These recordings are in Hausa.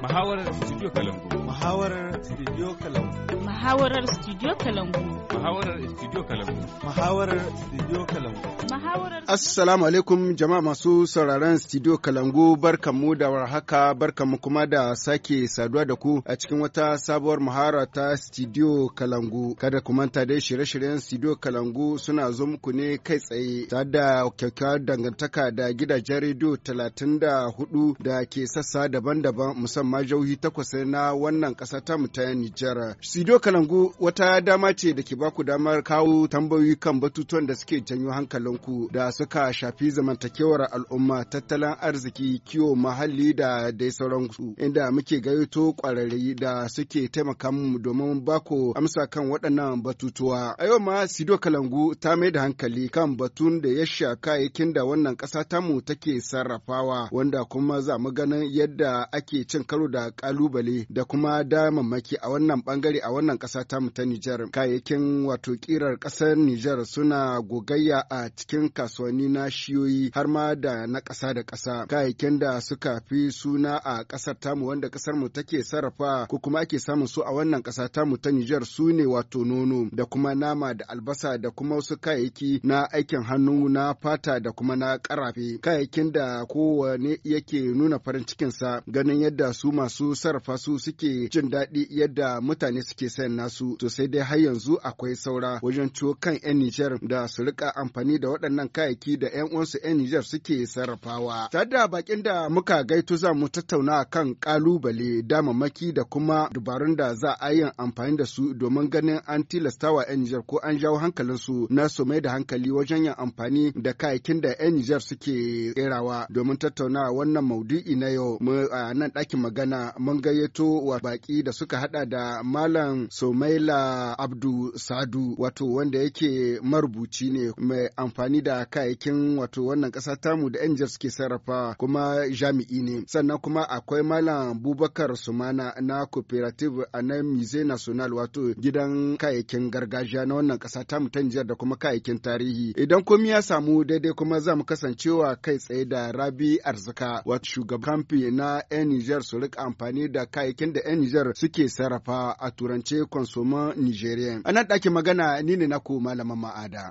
Muhawarar Studio Kalangu. Muhawarar Studio Kalangu. Muhawarar Studio Kalangu. Muhawarar Studio Kalangu. Muhawarar Studio Kalangu. Muhawarar Assalamu alaikum jama'a masu sauraron Studio Kalangu barkanmu da warhaka barkanmu kuma da sake saduwa da ku a cikin wata sabuwar muhawara ta Studio Kalangu. Kada ku manta dai shirye-shiryen Studio Kalangu suna zo muku ne kai tsaye tare da kyakkyawar dangantaka da gidajen rediyo talatin da hudu da ke sassa daban-daban musamman kusan ma jauhi takwas na wannan ƙasa ta ta Nijar. Sido Kalangu wata dama ce da ke baku damar kawo tambayoyi kan batutuwan da suke janyo hankalinku da suka shafi zamantakewar al'umma, tattalin arziki, kiwo, muhalli da dai sauransu. Inda muke gayyato ƙwararri da suke taimaka mu domin bako amsa kan waɗannan batutuwa. A yau ma Sido Kalangu ta mai da hankali kan batun da ya sha kayayyakin da wannan ƙasa tamu take sarrafawa wanda kuma za mu ganin yadda ake cin karo da kalubale da kuma damammaki a wannan bangare a wannan kasa ta ta Nijar. Kayayyakin wato kirar kasar Nijar suna gogayya a cikin kasuwanni na shiyoyi har ma da na kasa da kasa. Kayayyakin da suka fi suna a kasar tamu wanda kasar mu take sarrafa ko kuma ake samun su a wannan kasa tamu ta Nijar su ne wato nono da kuma nama da albasa da kuma wasu kayayyaki na aikin hannu na fata da kuma na karafe. Kayayyakin da kowane yake nuna farin cikinsa ganin yadda su masu sarrafa su suke jin daɗi yadda mutane suke sayan nasu to sai dai har yanzu akwai saura wajen ciwo kan 'yan Nijar da su rika amfani da waɗannan kayayyaki da 'yan uwansu 'yan Nijar suke sarrafawa. Tare da bakin da muka gaito za mu tattauna kan kalubale damamaki da kuma dubarun da za a yi amfani da su domin ganin an tilastawa 'yan Nijar ko an jawo hankalinsu na su mai da hankali wajen yin amfani da kayayyakin da 'yan Nijar suke kerawa domin tattauna wannan maudu'i na yau mu a nan ɗakin magana mun gayyato wa baki da suka hada da Malam Somaila Abdu Sadu wato wanda yake marubuci ne mai amfani da kayakin wato wannan kasa tamu da 'yan suke sarrafa kuma jami'i ne. Sannan kuma akwai Malam Bubakar Sumana na Cooperative a na Musée National wato gidan kayayyakin gargajiya na wannan kasa tamu ta Nijar da kuma kayayyakin tarihi. Idan komi ya samu daidai kuma za mu kasancewa kai tsaye da Rabi Arzika wato shugaban kamfi na 'yan Nijar rika amfani da kayayyakin da 'yan Nijar suke sarrafa a turance consommant Nigerian. A nan ɗakin magana ni ne na ko malaman ma'ada.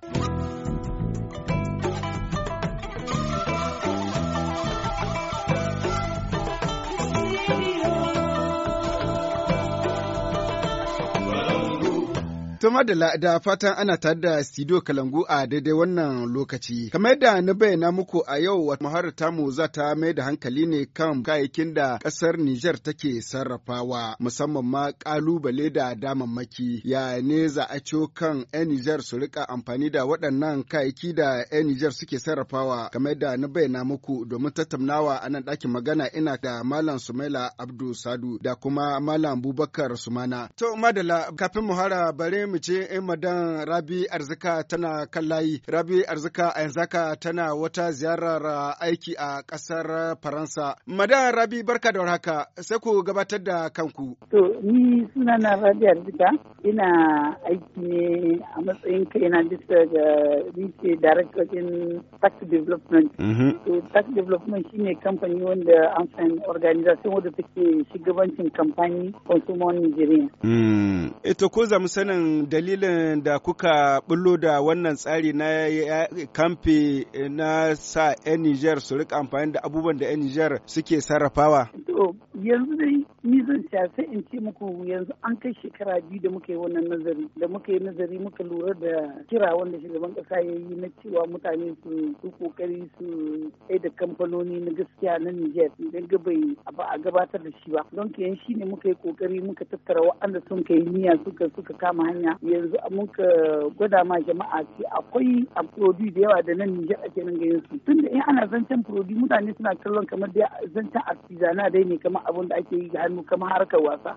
Tuma da da fatan ana tare da studio Kalangu a daidai wannan lokaci. Kamar da na bayyana muku a yau wata muharar tamu za ta mai da hankali ne kan kayayyakin da ƙasar Nijar take sarrafawa musamman ma ƙalubale da damammaki. Ya ne za a ciyo kan 'yan Nijar su rika amfani da waɗannan kayayyaki da 'yan Nijar suke sarrafawa kamar da na bayyana muku domin tattaunawa a nan ɗakin magana ina da Malam Sumaila Abdul Sadu da kuma Malam Bubakar Sumana. To madala kafin muhara bare mu ce in eh, madan Rabi Arzika tana kan layi. Rabi Arzika a yanzu haka tana wata ziyarar eh, aiki a kasar Faransa. Madan Rabi barka da warhaka sai ku gabatar da kanku. To ni suna na Rabi Arzika ina aiki ne a matsayin kaina bisa ga rice in tax development. Mhm. To tax development shine kamfani wanda an san organization wanda take shugabancin kamfani consumer Nigeria. Ita hmm. ko zamu sanin dalilin da kuka bullo da wannan tsari na kamfe na sa 'yan Nijar su rika amfani da abubuwan da 'yan Nijar suke sarrafawa? yanzu dai ni zan sai in ce muku yanzu an kai shekara biyu da muka yi wannan nazari da muka yi nazari muka lura da kira wanda shugaban kasa ya yi na cewa mutane su su kokari su da kamfanoni na gaskiya na Niger idan gabai ba a gabatar da shi ba don ke shi ne muka yi kokari muka tattara wa'anda sun kai niyya suka suka kama hanya yanzu muka gwada ma jama'a ce akwai a produce da yawa da nan Niger ake nan ga su tunda in ana zancen produit mutane suna kallon kamar da zancen artisanal dai ne kamar abun da ake yi ga hannu kamar harkar wasa.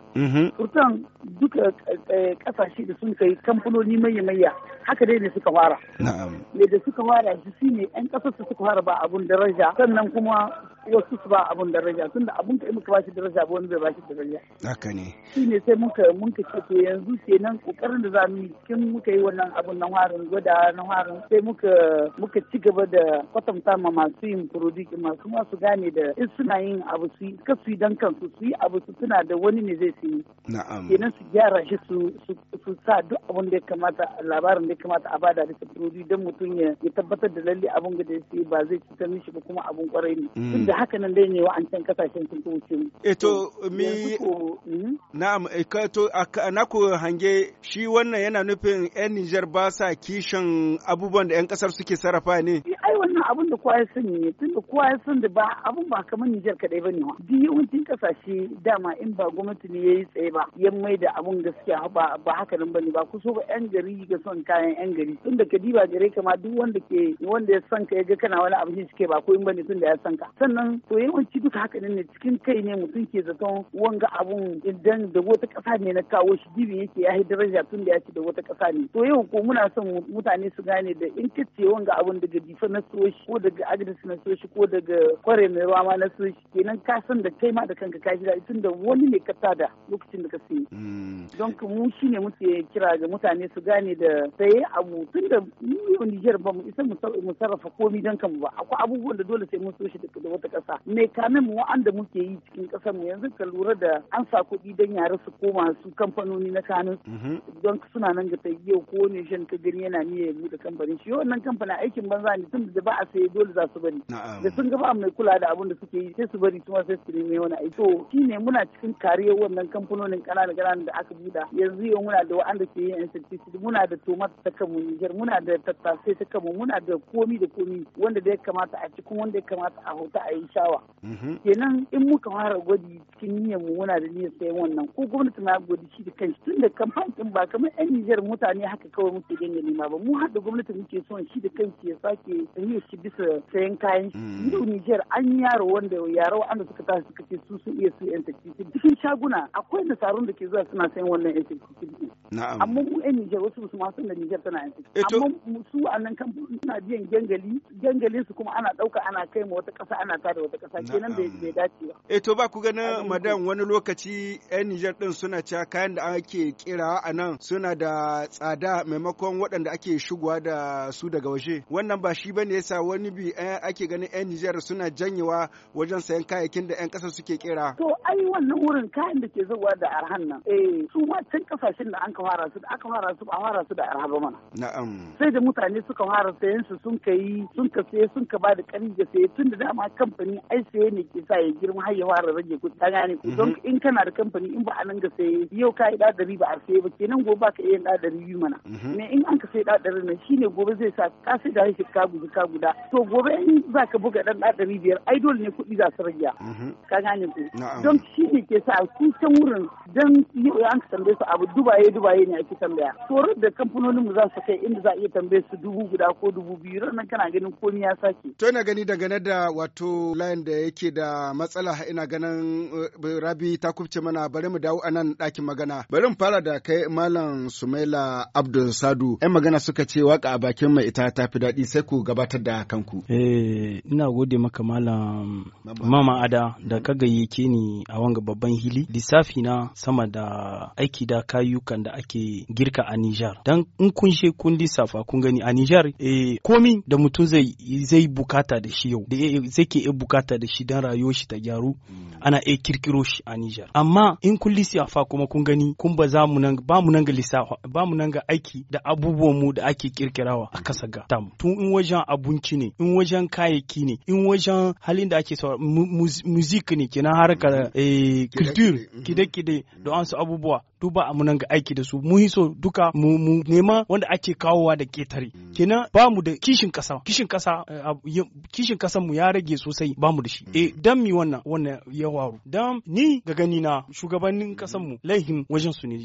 Turtan mhm. duka eh, kasashe da sun kai kamfanoni manya-manya haka dai ne suka fara. Me da suka fara shi ne 'yan ƙasar suka fara ba abun daraja sannan kuma wasu su ba abun daraja tun da abun ka yi muka bashi daraja ba wani bai bashi daraja haka ne sai muka muka ce to yanzu kenan kokarin da za mu yi kin muka yi wannan abun na harin gwada na harin sai muka muka ci gaba da kwatanta ma masu yin product masu ma su gane da in suna yin abu su kasu yi dan kansu su yi abu su tuna da wani ne zai su na'am kenan su gyara shi su su sa duk abun da ya kamata labarin da ya kamata a bada da product don mutum ya tabbatar da lalle abun da ya ba zai cutar mishi ba kuma abun kwarai ne mm. da haka nan dai ne wa'ancan kasashen sun wuce e to mi hmm? na'am eh, ka to na ku hange shi wannan yana nufin yan Nijar ba sa kishin abubuwan da yan kasar suke sarrafa ne wannan abin da kowa ya sani ne tunda kowa ya sani da ba abin ba kamar Nijar kadai ba ne duk yawancin kasashe dama in ba gwamnati ne yayi tsaye ba yan mai da abin gaskiya ba ba haka nan bane ba kuso ba yan gari ga son kayan yan gari tunda diba gare ka ma duk wanda ke wanda ya san ka ya ga kana wani abin shi ke ba ko in bane tunda ya san ka sannan to yawanci duka haka ne cikin kai ne mutum ke zaton wanga abun idan da wata kasa ne na kawo shi gibi yake ya yi daraja tunda ya ce da wata kasa ne to yau ko muna son mutane su gane da in kace wanga abun daga difa na shi ko daga agnes na so shi ko daga kware mai ruwa ma na so shi kenan ka san da kai ma da kanka ka shi daɗi tunda wani ne ka tada lokacin da ka sayi. Hmm. don mu shi ne muke kira ga mutane su gane da saye abu tunda mu Nijar ba mu isa mu sarrafa komi don kanmu ba akwai abubuwan da dole sai mun so shi da wata kasa. mai kamin mu wa'anda muke yi cikin ƙasar mu yanzu ka lura da an sa kuɗi don yare su koma su kamfanoni na kanun mm-hmm. don suna nan ga ta yau ko ne shan ka gani yana niyyar ya da kamfanin shi wannan kamfanin aikin banza ne tun da ba a sai dole za su bari da sun gaba mai kula da abun da suke yi sai su bari kuma sai su nemi wani aiki to ne muna cikin kariyar wannan kamfanonin kanana ƙananan da aka buɗa yanzu yau muna da wa'anda ke yin insecticide muna da tomato ta kamu Niger muna da tattasai ta kamu muna da komi da komi wanda da ya kamata a cikin wanda ya kamata a hota a yi shawa mm-hmm. kenan in muka fara gwaji cikin niyyar mu muna da niyyar sayan wannan ko gwamnati na gwaji shi da kanshi tun kamfanin ba kamar yan Niger mutane haka kawai muke dinga ma ba mu hada gwamnati muke son shi da kanshi ya sake niyyar shi bisa sayan kayan shi mm. yau Nijar an yi yaro wanda yaro wanda suka tashi suka ce su sun iya su yan taxi cikin shaguna akwai nasarun da ke zuwa suna sayan wannan yan taxi amma mu yan Nijar wasu su masu da Nijar tana yan taxi eh, amma su nan kan suna biyan gangali gangalin su kuma ana dauka ana kai ma wata kasa ana tada wata kasa kenan bai dace ba eh to ba ku ganin madam wani lokaci yan Nijar din suna cewa kayan da ake kirawa a nan suna da tsada maimakon waɗanda ake shigowa da su daga waje wannan ba shi bane yasa wani bi eh, ake ganin 'yan Nijar suna janyewa wajen sayan kayayyakin da 'yan ƙasa suke kera. To ai wannan wurin kayan da ke zuwa da arhan nan. Eh su wancan kasashen da an fara su aka fara su ba fara su da arha ba mana. Na'am. Sai da mutane suka fara sayan su sun kai sun ka sai sun ka bada kani da sai tun da dama kamfani ai sai ne ke sa ya girma har ya fara rage kuɗi ka gane. Mhm. Don in kana da kamfani in ba a nan ga sai yau ka yi ɗadari ba a saye ba kenan gobe ka iya ɗadari yi mana. Mhm. Ne in an ka da dari ne shine gobe zai sa ka sai da shi ka guji ka guda to gobe in za ka buga dan ɗari biyar ai dole ne kuɗi za su rage mhm. ka gane ku don shi ne ke sa su can wurin don an ka tambaye su abu dubaye dubaye ne ake tambaya rar da kamfanonin mu za su kai inda za a iya tambaye su dubu guda ko dubu biyu nan kana ganin komi ya sake. to ina gani dangane da wato layin da yake da matsala ina ganin eh, rabi ta kubce mana bari mu dawo anan nan ɗakin magana bari mu fara da kai malam sumaila abdul sadu yan magana suka ce waka a bakin mai ita ta fi daɗi sai ku gabatar da a kanku eh ina gode maka malam mama ada da ka gayyake ni a wanga babban hili lissafi na sama da aiki da kayukan da ake girka a Nijar dan in kun she kun lissafa kun gani a Nijar eh komi da mutum zai zai bukata da shi yau da zai ke bukata da shi dan rayuwar shi ta gyaru hmm. ana iya kirkiro shi a Nijar amma in kun lissafa kuma kun gani kun ba za mu nan ba mu nan ga lissafa ba mu nan ga aiki da abubuwan mu da ake kirkirawa a kasa ga tam tun in wajen abinci abinci ne in wajen kayayyaki ne in wajen halin da ake saurara muzik ne kenan harkar eh, culture mm-hmm. kide-kide da an su abubuwa duba a munanga aiki da su mu hiso duka mu mu nema wanda ake kawowa da ketare hmm. kenan ba mu da kishin kasa kishin kasa eh, kishin kasa mu ya rage sosai ba mu da shi hmm. eh dan mi wannan wannan ya waru dan ni ga gani na shugabannin kasan hmm. mu laihin wajen su ne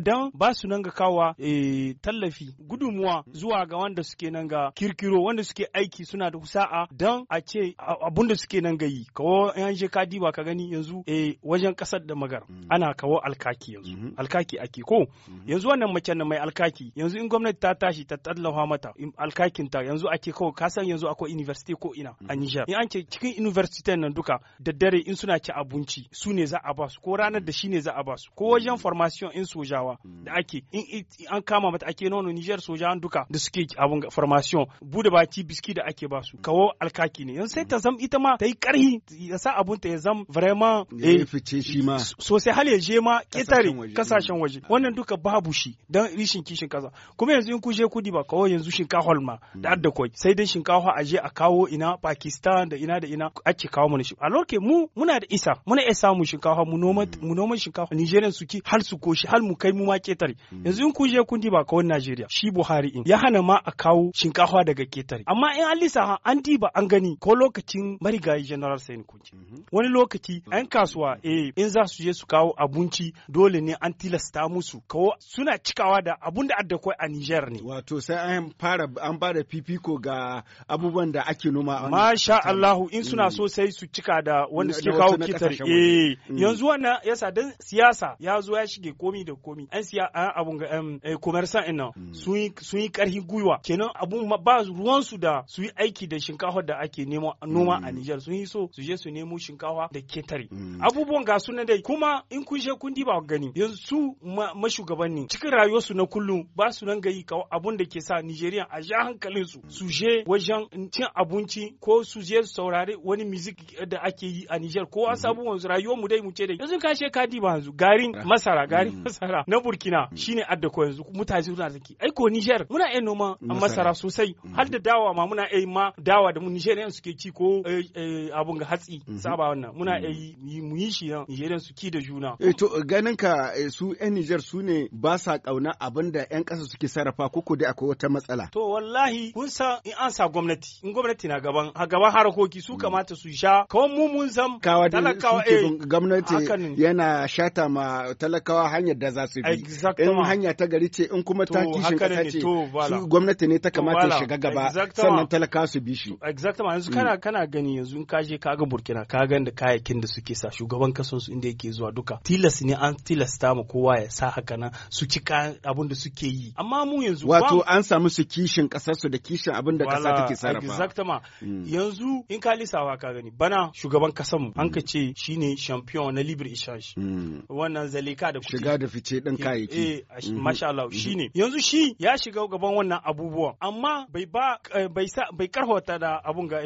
dan ba su nan ga eh, tallafi gudumuwa zuwa ga wanda suke nan ga kirkiro wanda suke aiki suna da sa'a dan a ce abunda suke nan ga yi kawo yan je ka ka gani yanzu eh wajen kasar da magar ana kawo alkaki yanzu mhm. alkaki ake ko mhm. yanzu wannan mace na mai alkaki yanzu in gwamnati ta tashi ta tallafa mata alkakin ta yanzu ake kawai ka san yanzu akwai university ko ina a mhm. Niger in an ce cikin university nan duka da dare in suna ci abinci su ne za a ba su ko ranar da shi ne za a ba su ko wajen formation in sojawa da ake in an kama mata ake nono Niger sojawan duka da suke abun formation bude baki biski da ake ba su kawo alkaki ne yanzu sai ta zam ita ma ta yi karhi ya sa abun ta ya zam vraiment eh fice shi ma sosai hal ya je ma ketare ƙetare kasashen mm. waje wannan duka babu shi don rishin kishin kasa kuma yanzu in kuje kudi ba kawai yanzu shinkafar ma mm. da adda koi sai dai shinkafa aje a kawo ina Pakistan da ina da ina ake kawo mana shi a lokacin mu muna da isa muna iya samu shinkafa mu noma mm. mu noma Nigerian su ki har su koshi har mu kai mu ma ketare. yanzu in kuje kudi ba kawai Najeriya shi Buhari in ya hana ma a kawo shinkafa daga ketare. amma in an lisa an diba an gani ko lokacin marigayi General Sani Kunci mm-hmm. wani lokaci an kasuwa eh in za su je su kawo abinci dole dole ne an tilasta musu kawo suna cikawa da abun da adda a Niger ne wato sai an fara an ba da fifiko ga abubuwan da ake noma masha Allahu in suna mm. so sai su cika da wanda suke kawo kitar eh mm. yanzu wannan yasa dan siyasa ya zo ya shige komi da komi an siya abun ga eh, commerçant ina mm. sun yi karhi gwiwa kenan abun ba ruwan su da su yi aiki da shinkafa da ake noma a Niger sun yi so su je su nemo shinkafa da ketare abubuwan ga sunan dai kuma in kun je kun diba ga gani yanzu su mashugaban ne cikin rayuwarsu na kullum ba su nan gayi kawo abun da ke sa Nijeriya a ja hankalin su su je wajen cin abinci ko su je su saurari wani music da ake yi a Niger kowa mhm. sabuwar rayuwar mu dai mu ce dai yanzu ka she ka ba yanzu garin ah. masara garin mhm. masara na Burkina mhm. shine adda ko yanzu mutane suna zaki ai ko Niger muna yin noma a masara sosai har da dawa ma muna yi ma dawa da mu Nigerian suke ci ko eh, eh, abun ga hatsi saba wannan muna yi mu yi shi Nigerian su ki da juna eh to ganin ka haka eh, su 'yan Nijar su ne ba sa ƙauna abin da 'yan ƙasa suke sarrafa ko dai akwai wata matsala. To wallahi kun san in an sa gwamnati in gwamnati na gaban a gaban harakoki su mm. kamata su sha kawai mu mun san talakawa eh gwamnati yana shata ma talakawa hanyar da za su bi. In hanya ta gari ce in kuma ta kishin ƙasa ce su gwamnati ne ta kamata ya shiga gaba sannan talakawa su bi shi. Exactly yanzu kana mm. kana gani yanzu in ka je ka ga Burkina ka ga da kayayyakin da suke sa shugaban kasan su inda yake zuwa duka tilas ne an tilas tilasta ma kowa ya sa haka nan su ci abin da suke yi amma mu yanzu wato an samu su kishin kasar su da kishin abin da kasa take sarrafa exactly hmm. yanzu in ka lissafa ka gani bana shugaban kasar mu an hmm. ka ce shine champion na libre échange hmm. wannan zalika da kuke shiga da fice din eh, kayayyaki eh masha Allah shine yanzu shi ya shiga gaban wannan abubuwan amma bai ba eh, bai sa bai karhota da abun ga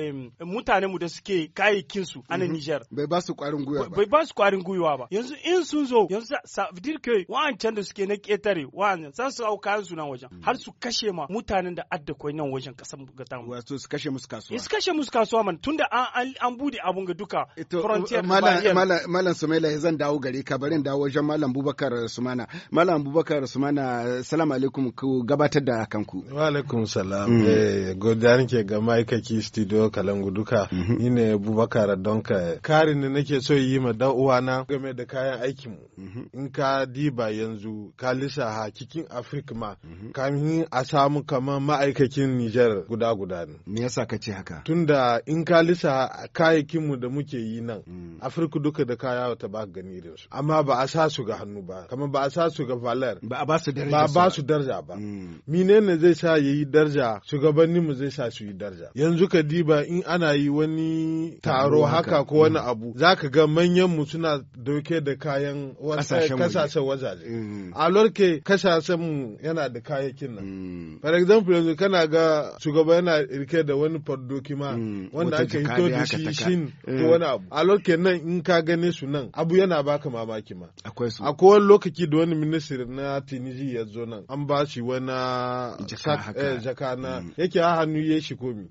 mutane mu da suke kayyakin su a Niger bai ba su kwarin gwiwa ba bai ba su kwarin gwiwa ba yanzu in sun zo yanzu sa dir ke can da suke na ketare wa'ancan san su auka su nan wajen mm. har su kashe ma mutanen da adda koi nan wajen kasan ga tamu wato su kashe musu kasuwa su kashe musu kasuwa man tunda an an bude abun ga duka frontier malam malam Sumaila zan dawo gare ka barin dawo wajen malam Bubakar Sumana malam Bubakar Sumana assalamu alaikum ku gabatar da kanku wa alaikum salam mm. eh godan ke ga ma'aikaci studio Kalangu duka mm-hmm. ni ne Bubakar don ka karin ne nake so yi ma dan uwana game da kayan aikin mu mm-hmm. in ka diba yanzu ka ha cikin afirka ma mhm. kamin a samu kamar ma'aikacin nijar guda guda ne me yasa ka ce haka tunda in ka lisa kayayyakin mu da muke yi nan mm. afirka duka da kaya ta ba gani da su amma ba a sa su ga hannu ba kamar ba a sa su ga valar ba a ba su daraja ba ba su daraja ba mm. menene zai sa yi daraja shugabannin mu zai sa su yi daraja yanzu ka diba in ana yi wani taro haka ko wani mm. abu zaka ga manyan mu suna dauke da kayan wasa. Eh, kasashen wajaje mm. A lorke kasashen mu yana da kayakin nan mm. for example yanzu kana ga shugaba yana rike da wani fardoki ma mm. wanda ake hito da shi shin ko wani abu A lorke nan in ka gane su nan abu yana baka mamaki ma akwai wani lokaci da wani ministry na Tunisia ya zo nan an ba shi wani jaka eh, na yake a hannu ya shi komi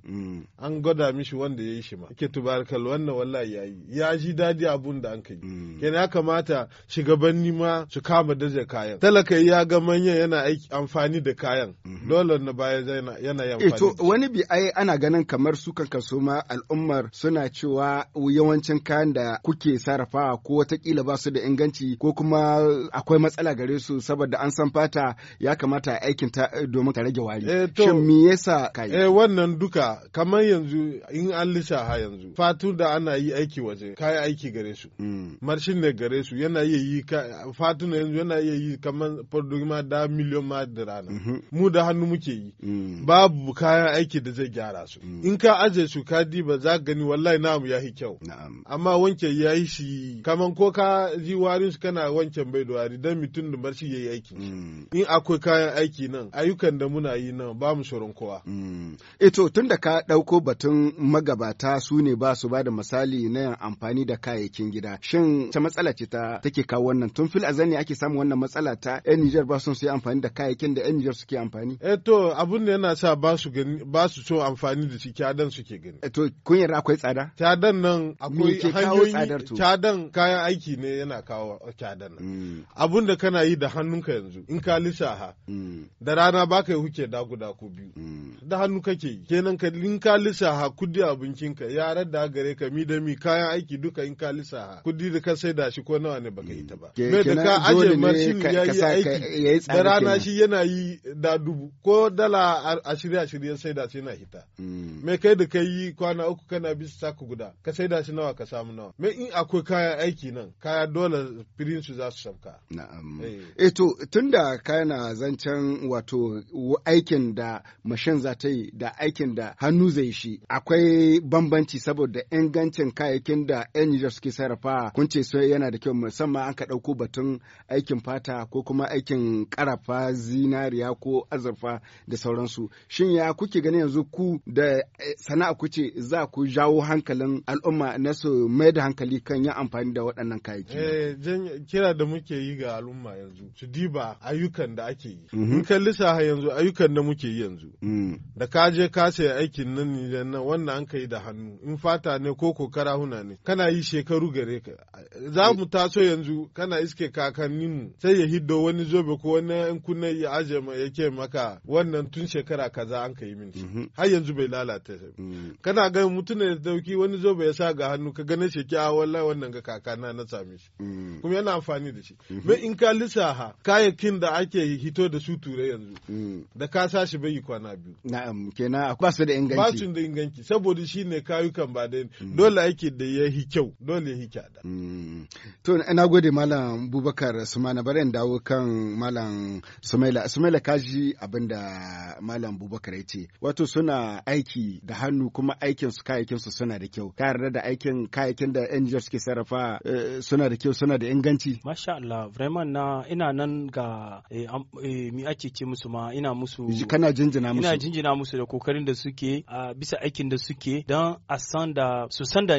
an gwada mishi wanda ya yi shi ma yake tubarkal wannan wallahi ya yi ya ji dadi abun da an kai kenan ya kamata shugabanni birni ma su kama daje kayan talaka ya ga manya yana aiki amfani da kayan mhm. dole na baya yana yana eh, amfani to wani bi ai ana ganin kamar su kan kaso ma al'ummar suna cewa yawancin kayan da kuke sarrafawa ko watakila ba su da inganci ko kuma akwai matsala gare su saboda an san fata ya kamata aikin ta eh, domin ta rage wari eh, shin me yasa kai eh wannan duka kamar yanzu in an lisa ha yanzu fatu da ana yi aiki waje kai aiki gare su mm. marshin ne gare su yana iya yi fatuna yanzu yana iya yi kamar fardogi ma da miliyon ma da rana mhm. mu da hannu muke yi mm. babu kayan aiki da zai gyara su mm. in ka ajiye su ka diba za gani wallahi namu ya yi kyau amma wanke ya yi shi kamar ko ka ji warin su kana wanke bai da wari dan mutum da bar shi ya yi aiki mm. in akwai kayan aiki nan ayyukan da muna yi nan ba mu shoron kowa. Ito eh tun da ka ɗauko batun magabata su ne ba su ba da misali na amfani da kayayyakin gida shin ta matsala ce ta take kawo wannan tun fil azan ake samun wannan matsala ta yan Nijar ba son su yi amfani da kayayyakin da yan Nijar suke amfani. Eh to abun da yana sa ba su gani ba su so amfani da shi kyadan suke gani. Eh to kun yarda akwai tsada? Kyadan nan akwai hanyoyi kyadan kayan aiki ne yana kawo kyadan nan. Hmm. Abun da kana yi da hannunka yanzu in ka lissaha hmm. da rana ba ka yi huke daku daku biyu. Hmm. Da hannu kake yi kenan ka in ka lissaha kudi ka yaran da gare ka mi da mi kayan aiki duka in ka lissaha kudi da ka saida shi ko nawa ne baka yi ta ba. ke da ka aje marshin ya yi aiki da rana shi yana yi da dubu ko dala a shirya shirya sai da shi na hita Mai mm. kai da kai yi kwana uku kana bisa saka guda ka sai da shi nawa ka samu nawa Mai in akwai kayan aiki nan kaya dole firin su za su sauka na'am eh, eh to tunda kana zancen wato aikin da mashin za ta yi da aikin da hannu zai shi akwai bambanci saboda ingancin kayayyakin da yan Niger suke sarrafa kun ce sai yana da kyau musamman an ka ɗauko ko batun aikin fata ko kuma aikin karafa zinariya ko azurfa da sauransu shin ya kuke gani yanzu ku da eh, sana'a kuce za ku jawo hankalin al'umma na su mai da hankali kan yin amfani da waɗannan kayayyaki eh kira da muke yi ga al'umma yanzu su diba ayyukan da ake yi mhm. in kalli lissafa yanzu ayyukan da muke yi yanzu mm. da ka je ka sayi aikin nan wannan an ka yi da hannu in fata ne ko ko karahuna ne kana yi shekaru gare ka za mu taso yanzu kana iske kakanninmu sai ya hiddo wani zobe ko wani yan kunne ya aje yake maka wannan tun shekara kaza an ka yi min mhm. har yanzu bai lalata mm. kana ga mutum da dauki wani zobe ya sa ga hannu ka gane shi a ah, wallahi wannan ga kakana na same shi mm. kuma yana amfani da shi me mhm. in ka lissaha kayakin da ake hito da su ture yanzu mm. da ka sa shi bai yi kwana biyu na'am kenan ba su da inganci ba su da inganci saboda shi ne kayukan ba da dole ake da ya hi kyau dole ya hi kyada to na gode malam bubakar sumana bari dawo kan malam sumaila sumaila kaji abinda malam bubakar ya ce wato suna aiki da hannu kuma aikin su kayakin su suna da kyau ka yarda da aikin kayakin da yan suke sarrafa eh, suna da kyau suna da inganci masha Allah vraiment na ina nan ga eh, eh, mi ake ce musu ma ina musu kana jinjina musu ina jinjina musu da kokarin da suke a bisa aikin da suke dan a san da su san da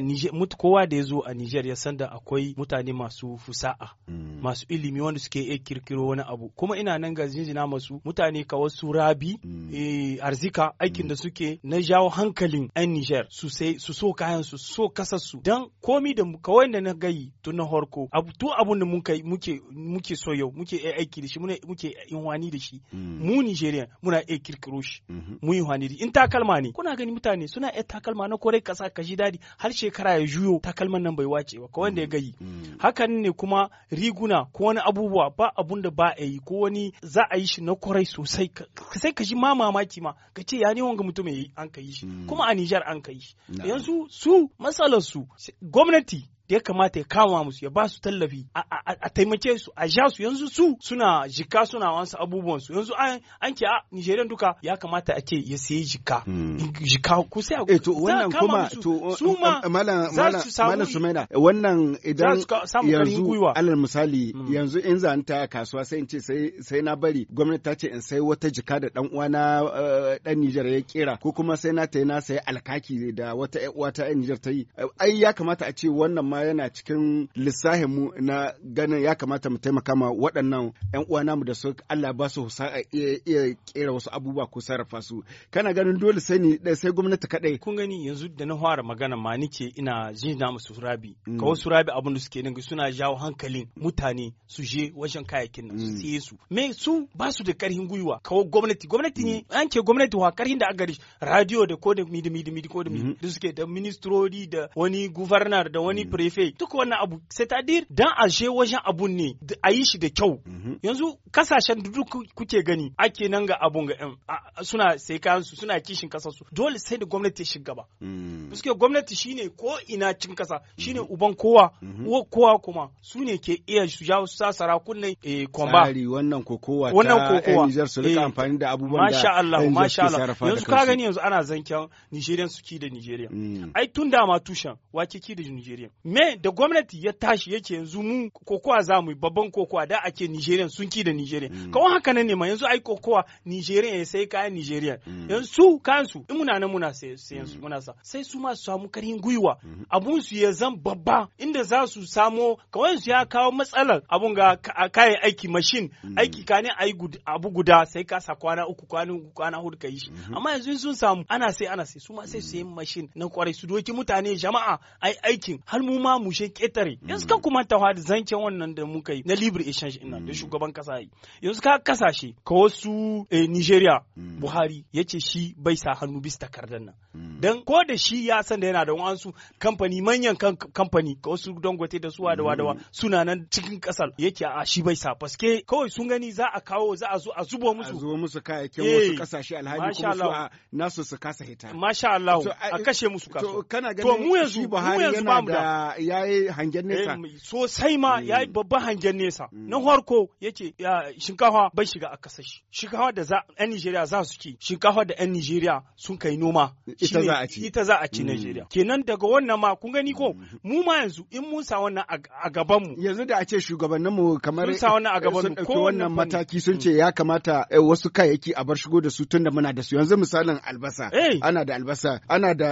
kowa da ya zo a Niger ya san da akwai mutane masu fusa'a Mm. masu ilimi wanda suke iya kirkiro wani abu kuma ina nan ga jinjina masu mutane ka wasu rabi mm. eh, arzika aikin da mm. suke na jawo hankalin 'yan Nijar su sai su so kayan su so kasar su dan komi da kawai da na gayi tun na harko abu abun da muke muke so yau muke iya aiki da shi muke inwani da shi mu Nijeriya muna iya kirkiro shi mm-hmm. mu inwani da in takalma ne kuna gani mutane suna iya takalma na kore kasa kashi dadi har shekara ya juyo takalman nan bai wace ba kawai da ya gayi hakan ne kuma riguna ko wani abubuwa ba abun da ba a yi ko wani za a yi shi na kwarai sosai sai ka ji ma mamaki ma ka ce ya ne wanga mutum ya yi an ka yi shi mm. kuma a Nijar an ka yi yanzu su matsalar su gwamnati ya kamata ya kama musu ya ba su tallafi a taimake su a ja su yanzu su suna jika suna wasu abubuwan su yanzu an ce a Nigerian duka ya kamata a ce ya sayi jika hmm. jika ku sai a eh, to wannan kuma to su um, ma um, malam Sumaina wannan idan yanzu alal misali hmm. yanzu in za ta kasuwa sai in ce sai na bari gwamnati ta ce in sai wata jika da dan na dan uh, Nijar ya kera ko kuma sai na ta na sai alkaki da wata uwa ta Nijar ta yi ai ya kamata a ce wannan ma yana cikin lissafin mu na ganin ya kamata mu taimaka ma waɗannan ƴan uwa namu da su Allah ba su iya kera wasu abubuwa ko sarrafa su kana ganin dole sai ni sai gwamnati kaɗai. kun gani yanzu da na fara magana ma nike ina jina musu rabi mm. ka wasu rabi abin da suke nan suna jawo hankalin mutane su je wajen kayakin nan su mm. siye su me su ba su da karhin gwiwa kawo gwamnati gwamnati ne mm. an ce gwamnati wa karhin da aka radio da ko da midi midi midi ko da midi mm-hmm. da suke da ministrori da wani guvernar da wani prefe duk wannan abu c'est-à-dire dan a je wajen abun ne a yi shi da kyau mhm. yanzu kasashen duk kuke gani ake nan ga abun ga suna sai kayan su suna kishin kasar su dole sai da gwamnati shiga ba mm. suke gwamnati shine ko ina cin kasa mhm. shine uban kowa mhm. kowa kuma su ne ke iya su jawo kunne eh komba tsari wannan kokowa wannan kokowa Niger su rika eh, amfani da abubuwan da masha Allah masha Allah yanzu ka gani yanzu ana zankin Nigerian su ki da Nigeria mm. ai tun da ma tushen wake ki da Nigeria me da gwamnati ya tashi yace yanzu mu kokowa za mu babban kokowa da ake nigeria sun ki da ka mm. kawai haka nan ne ma yanzu ai kokowa nigeria ya sai kayan nigeria mm. yanzu kansu in muna nan muna sayan su mm. muna sa sai su ma su samu karin gwiwa mm-hmm. abun su ya zan babba inda za su samo kawai su ya kawo matsalar abun ga kayan aiki mashin aiki ka ne ai abu guda sai ka sa kwana uku kwana uku kwana hudu ka yi shi mm-hmm. amma yanzu sun samu ana sai ana sai su ma sai su yi mashin na kwarai su doki mutane jama'a ai aikin har mu Kuma mu she ketare mm. yanzu kan kuma ta da zancen wannan da muka yi na libre exchange ina da mm. shugaban kasa yi yanzu ka kasashe ka wasu eh, Nigeria mm. Buhari yace shi bai sa hannu bis takardar nan dan ko da shi ya san da yana da wasu kamfani manyan kamfani ka wasu dangote da suwa da wadawa suna nan cikin kasar yake a shi bai sa paske kawai sun gani za a kawo za a zo a zubo musu a zubo musu kayayyakin eh, wasu kasashe alhali kuma su a nasu su kasa hita masha Allah a eh, kashe musu kasu. to mu yanzu mu yanzu ba mu da ya yi hangen eh, nesa. Sosai ma ya yi mm. babban hangen nesa. Mm. Na farko ya ce shinkafa bai shiga a kasa shi. Shinkafa da za 'yan Nijeriya za su ci. Shinkafa da 'yan Nijeriya sun kai noma. Ita za a ci. Ita za a ci mm. Nijeriya. Kenan daga wannan ma kun gani ko mu ma yanzu in mun sa wannan a gaban mu. Yanzu da a ce shugabannin mu kamar. Sun sa wannan a gaban mu. Ko wannan mataki sun ce ya kamata eh, wasu kayayyaki a bar shigo da su tunda muna da su. Yanzu misalin albasa. Eh. Ana da albasa. Ana da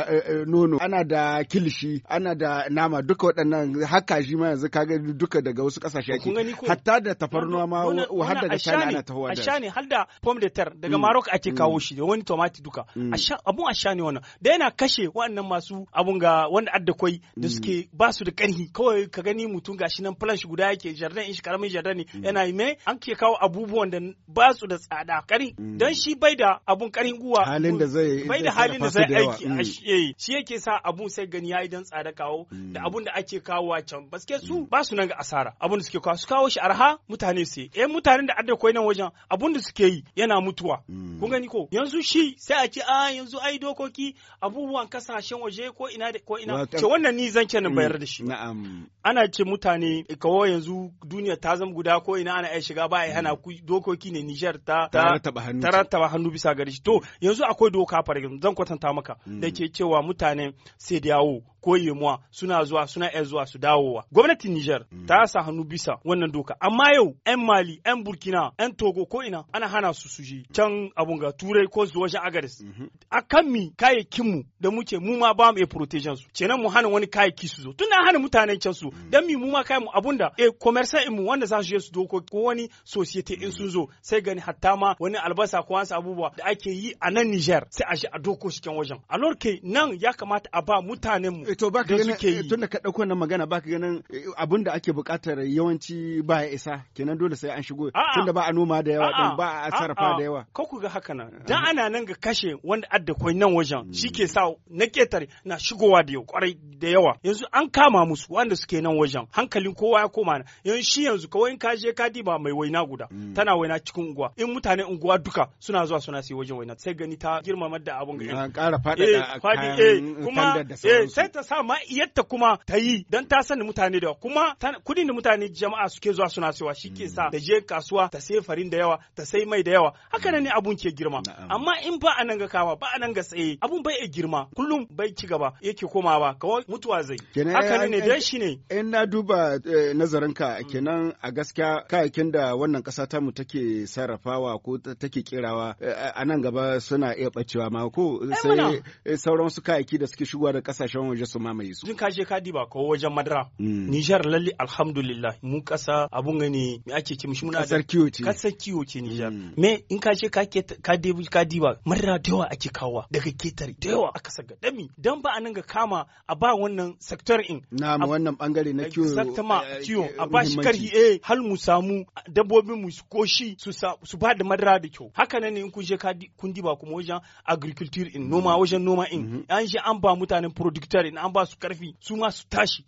nono. Ana da kilishi. Ana da nama duka waɗannan haka shi ma yanzu kaga duka daga wasu ƙasashe ake hatta da tafarnuwa ma har daga China ana tahowa da shi har da pom de terre daga mm. Maroc ake kawo mm. shi da wani tomati duka mm. abun asha ne wannan da yana kashe waɗannan masu abun ga wanda adda koi da suke ba su da ƙarfi kawai ka gani mutum gashi nan plan shi guda yake jardin in shi karamin jardin ne yana yi mai an ke kawo abubuwan da ba su da tsada ƙari dan shi bai da abun ƙarin guwa halin da zai bai da halin da zai aiki eh, shi yake sa abun sai gani ya dan tsada kawo da abun abun da ake kawowa can baske su ba su nan ga asara abun da suke kawo su kawo shi arha mutane su eh mutanen da adda koyi nan wajen abun da suke yi yana mutuwa mm. kun gani ko yanzu shi sai a ce a ah, yanzu ai dokoki abubuwan kasashen waje ko ina da ko ina ce wannan ni zan kenan bayar mm, da shi na'am ana ce mutane eh, kawo yanzu duniya ta zama guda ko ina ana ai shiga ba ai hana ku dokoki ne Niger ta tarattaba hannu bisa gari shi to yanzu akwai doka fara zan kwatanta maka mm. da ke cewa mutane sai dawo ko yemuwa suna zuwa suna iya zuwa su dawowa gwamnatin Niger mm. ta sa hannu bisa wannan doka amma yau 'yan Mali 'yan Burkina 'yan Togo ko ina ana hana su su je can abun ga Turai ko zuwa wajen Agares mhm. akan mi kayayyakin mu da muke mu ma ba mu iya protection su kenan mu hana wani kayayyaki su zo tunda hana mutanen can su mm. dan mi mu ma kai mu abunda eh commerçant mu wanda za su je su doko ko wani society in mm. sun zo sai gani hatta ma wani albasa ko wasu abubuwa da ake yi a nan Niger sai a shi a doko wajen a lorke nan ya kamata a ba mutanen mu Eh, to ka gani eh, tunda ka dauko wannan magana baka ganin eh, abin da ake bukatar yawanci ba ya isa kenan dole sai an shigo tunda ba a noma da yawa din ba a sarrafa da yawa ko ku ga haka nan da ana nan ga kashe wanda adda koi nan wajen shike sa na ketare na shigowa da yau kwarai da yawa yanzu an kama musu wanda suke nan wajen hankalin kowa ya koma na yanzu shi yanzu kawai ka je ka diba mai waina guda mm. tana waina cikin unguwa in mutane unguwa duka suna zuwa suna sai wajen waina sai gani ta girmama da abun ga kara fada da kuma sai ta sa ma iyatta kuma ta yi dan ta sani mutane da kuma kudin da mutane jama'a suke zuwa suna sayawa shi ke sa da hmm. je kasuwa ta sai farin da yawa ta sai mai da yawa haka hmm. nan ne abun ke girma amma in ba a nan ga kawa ba a nan ga tsaye abun bai girma kullum bai ci gaba yake ba kawai mutuwa zai haka ne dan shi ne in na duba eh, nazarin ka hmm. kenan a gaskiya kayakin da wannan kasa ta mu take sarrafawa ko take kirawa eh, a nan gaba suna iya bacewa ma ko eh, sai sauran su kayaki da suke shigowa da kasashen waje su mamaye su. Jin kashe kadi ba ko wajen madara. Mm. Nijar lalle alhamdulillah mu kasa abun gani me ake mishi muna kasar kiwo ce. Kasar kiwo ce Nijar. Mm. Me in kashe kake kadi kadi ba madara da yawa ake kawo daga ketare da yawa aka saka dami dan ba anan ga kama a ba wannan sector in. Na wannan bangare na kiwo. Exactama eh, eh, kiwo a eh, ba shi karhi eh hal mu samu dabbobin mu su koshi su su ba da madara da kyau. Haka nan ne in kun je kadi kun diba kuma wajen agriculture in noma mm. wajen noma in. Mm-hmm. An je an ba mutanen producteur in an ba su karfi su ma su tashi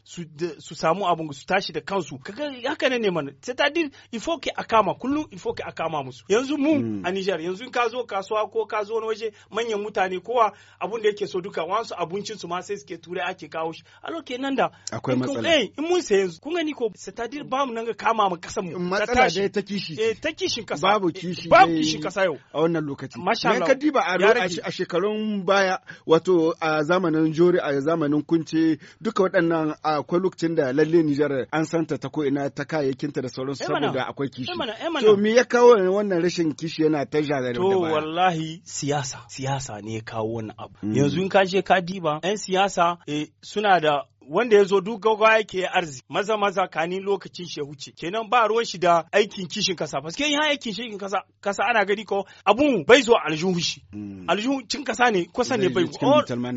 su samu abin su tashi da kansu kaga haka ne mana sai ta din ifoke a kama kullum ifoke a kama musu yanzu mu hmm. a Nijar yanzu ka zo kasuwa ko ka zo wani waje manyan mutane kowa abun da yake so duka wasu abincin su ma sai suke turai ake kawo shi alo nan da akwai matsala eh in mun sai yanzu kun gani ko sai ta din ba mu nan ga kama mu kasan mu matsala dai ta kishi eh ta kishin kasa babu kishi babu kishin kasa yau a wannan lokaci masha Allah ka diba a shekarun baya wato a zamanin jori a zamanin kunce duka waɗannan akwai lokacin da lalle Nijar an santa ta ko ina ta kayayyakinta da sauransu eh, saboda akwai kishi. Eh, eh, to me ya kawo wannan rashin kishi yana ta jagare To wallahi siyasa siyasa ne ya kawo wannan abu. Mm. Yanzu in ka je ka diba 'yan siyasa suna da wanda ya zo duk gaggawa yake arziki maza maza kani lokacin shi ya wuce kenan ba ruwan shi da aikin kishin kasa paske in aikin kishin kasa kasa ana gani ko abun bai zo aljuhu shi hmm. aljuhu cin kasa ne kusa ne bai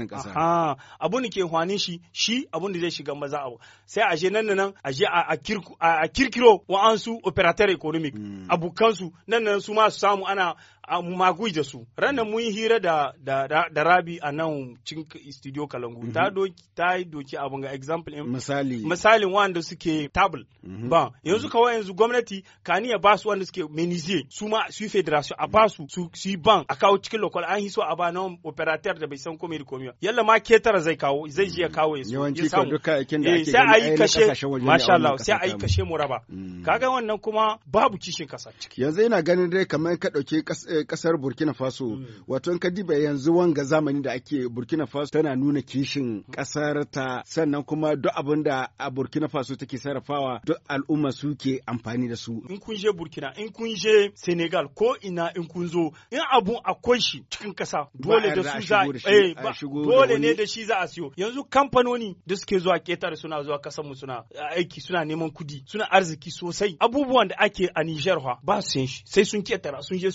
kasa abun ne ke hwanin shi shi abun da zai shiga maza abu sai a je nan nan a je a kirkiro wa'ansu operator economic hmm. abokansu nan nan su ma su samu ana Ah, magui da su ranar mun yi hira da, da, rabi a nan cin studio kalangu ta mhm. doki ta yi doki abin ga example misali misalin wanda suke table mhm. ba yanzu mhm. kawai yanzu gwamnati kani ya basu wanda suke menizier su ma su federation a basu su su ban a kawo cikin local an hiso a ba nan operator da bai san komai da komai yalla ma ketara zai kawo zai je ya kawo yasu yawanci ka duka aikin da eh, ake sai ayi kashe masha Allah sai ayi kashe mu raba mm. kaga wannan kuma babu kishin kasa ciki yanzu ina ganin dai kamar ka dauke kasa Eh, kasar Burkina Faso mm. wato in ka diba yanzu wanga zamani da ake Burkina Faso tana nuna kishin mm. kasar ta sannan kuma duk abin da a Burkina Faso take sarrafawa duk al'umma suke amfani da su in kun je Burkina in kun je Senegal ko ina in kun zo in abu akwai shi cikin kasa dole da su za eh dole ne da shi za a siyo yanzu kamfanoni da suke zuwa ketar suna zuwa kasar mu suna aiki suna neman kudi suna arziki sosai abubuwan da ake a Niger ba su yin shi sai sun ketara sun je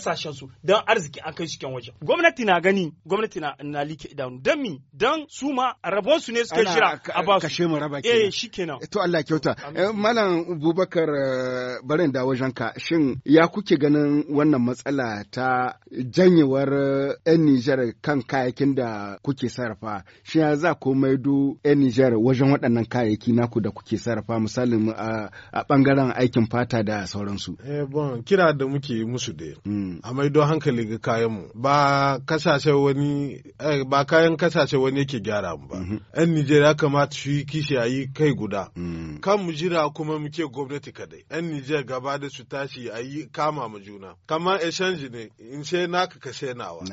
kasashen su don arziki an kai su wajen gwamnati na gani gwamnati na na like idanu don mi don su ma rabon su ne suka shira a ba su kashe mu raba eh, kenan eh shikenan to Allah kyauta eh, malam Bubakar eh, barin da wajen ka shin ya kuke ganin wannan matsala ta janyewar 'yan Nijar kan kayakin da kuke sarrafa shi ya za ko maido 'yan Nijar wajen waɗannan kayayyaki naku da kuke sarrafa misalin a bangaren aikin fata da sauransu. Eh bon kira da muke musu da hmm. a maido hankali ga kayanmu ba kasashe wani eh, ba kayan kasashe wani yake gyara mu ba mhm. yan Nijar ya kamata su yi kishi a yi kai guda mm. kan mu jira kuma muke gwamnati kadai yan Nijar gaba da su tashi a yi kama mu juna kamar exchange eh, ne in sai naka ka sai nawa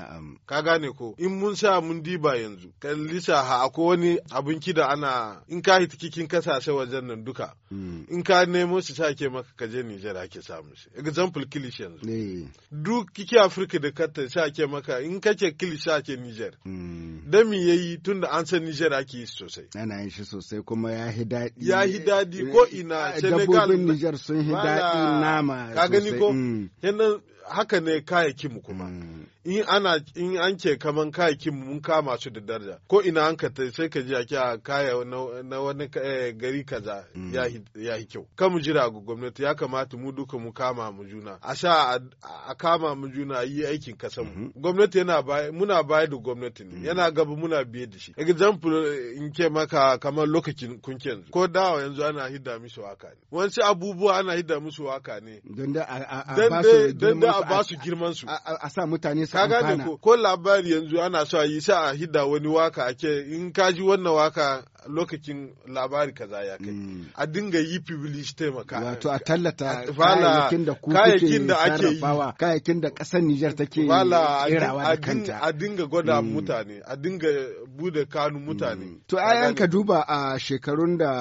ka gane ko in mun sa mun diba yanzu kan lisa ha ko wani abinki da ana in ka kikin kasashe wajen nan duka mm. in ka nemo su sake maka ka je Nijar ake samu shi example kilishin yanzu eh. duk kike Afirka da kata sha ke maka in kake kil sha ke Niger. Hmm. Da ya yi tun da an san Niger ake yi sosai. Ana yin shi sosai kuma ya hi daɗi. Ya hi daɗi ko ina eh, eh, Senegal. Dabbobin Niger sun hi daɗi nama. Ka gani ko? Hmm. Yannan haka ne kayayyakin mu kuma. Hmm. In ana in an ke kaman kayayyakin mu mun kama su da daraja. Ko ina an ka sai ka ji a kya kaya na wani eh, gari kaza ya hi kyau. Kan mu jira ga gwamnati ya kamata mu duka mu kama mu juna. A sha a kama kama mu juna yi aikin mu mhm. gwamnati yana baya muna baya da gwamnati ne mhm. yana gaba muna biye da shi example eh, in ke maka kamar lokacin kunke yanzu ko dawa yanzu ana hidda musu waka ne wancan abubuwa ana hidda musu waka ne don da a ba su girman su a sa mutane su amfana ko labari yanzu ana so a yi sa a hidda wani waka ake in ka ji wannan waka lokacin labari kaza ya kai mm. a dinga yi privilege taimaka wato a tallata kayayyakin da ku kayayyakin da ake yi kayayyakin da kasar Niger take kirawa da kanta a dinga gwada mm. mutane a dinga bude kanu mutane. Mm. To ayan ka duba a shekarun da